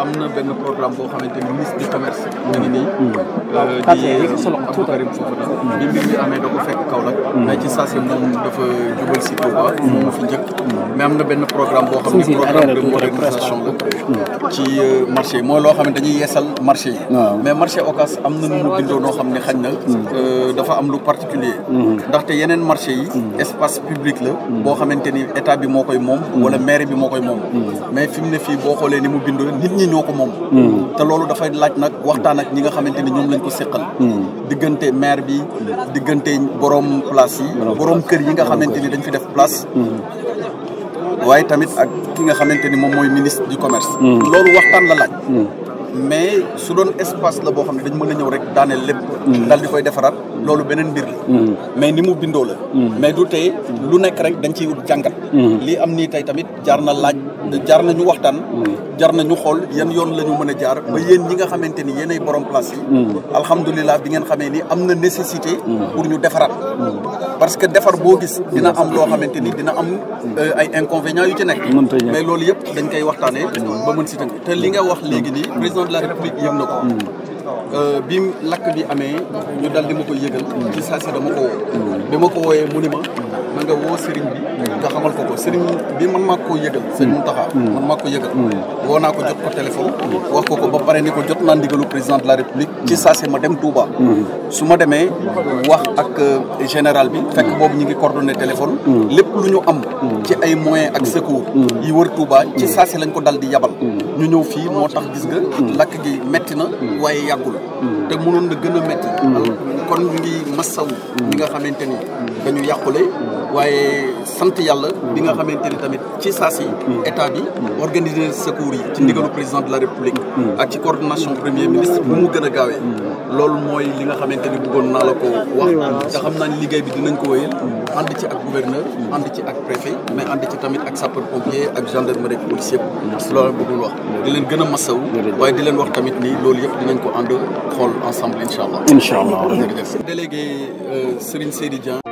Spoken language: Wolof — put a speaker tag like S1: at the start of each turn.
S1: am na benn programme boo xamante ni ministre du commerce. da nii. Mm. Euh, di Abdou Karim Fofana. Mm. bi mbir mi mm. ci saa moom dafa jubal si Touba. moom fi njëkk. mais am na benn programme boo xam ne programme de euh, loo xam ne dañuy yeesal marché yi. mais am na nu mu bindoo noo xañ na. Euh, dafa am lu particulier. ndaxte yeneen marché yi. espace public la. boo xamante ni état bi moo koy moom. wala maire bi moo koy moom. mais fi ne fii boo xoolee ni mu bindoo nit ñi. ñoo ko moom hmm. te loolu dafay laaj nag waxtaan ak ñi nga xamante ni ñoom lañ ko séqal hmm. diggante maire bi diggante borom place yi borom kër yi nga xamante ni dañ fi def place hmm. waaye tamit ak ki nga xamante ni moom mooy ministre du commerce loolu waxtaan la laaj mais su doon espace la boo xam ne dañ mën a ñëw rek daaneel lépp. Mm. daal di koy defaraat loolu beneen mbir mm. mais ni mu bindoo la. Mm. mais du tey lu nekk rek dañ ciy wut jàngat. lii am nii tey tamit jaar na laaj jaar na ñu waxtaan. jar na ñu xool yan yoon la ñu mën a jaar. ba yéen ñi nga xamante ni yéenay borom place yi. alhamdulilah bi ngeen xamee ni am na nécessité. pour ñu defaraat. parce que defar boo gis dina am loo xamante ni dina am euh, ay inconvénients yu ci nekk. mais loolu yëpp dañ koy waxtaanee ba si tënk te wax léegi président de la république yëg na ko Euh, bi lakk bi amee ñu dal di ma ko yëgal ci saa si dama ko woo bi ma ko wooyee mu ni ma na nga woo sëriñ bi nga xamal ko ko sëriñ bi man maa ko yëgal sëriñ Mountakha man maa ko yëgal woo naa ko jot ko téléphone wax ko ko ba pare ni ko jot naa ndigalu président de la république ci saa si ma dem Touba su ma demee wax ak euh, général bi fekk boobu ñu ngi coordonné téléphone lépp lu ñu am ci ay moyens ak secours yi wër Touba ci saa lañ ko dal di yabal ñu ñëw fii moo yàggul. te mënoon na gën a métti. kon ñu ngi masawu. ñi nga xamante ni dañu yàqule. waaye sant yàlla. bi nga xamante ni tamit ci saa si. état bi organiser secours yi. ci ndigalu président de la république. ak ci coordination premier ministre bu mu gën a gaawee. loolu mooy li nga xamante ni bëggoon naa la ko wax. te xam naa ni liggéey bi dinañ ko wéyal. ànd ci ak gouverneur. ànd ci ak préfet mais ànd ci tamit ak sapeur pompier ak gendarmerie ak police yëpp. loolu bëggul wax di leen gën a masawu. waaye di leen wax tamit ni loolu yëpp dinañ ko ànd xool ensemble incha allah. incha allah délégué euh, Serigne Seydi Dia.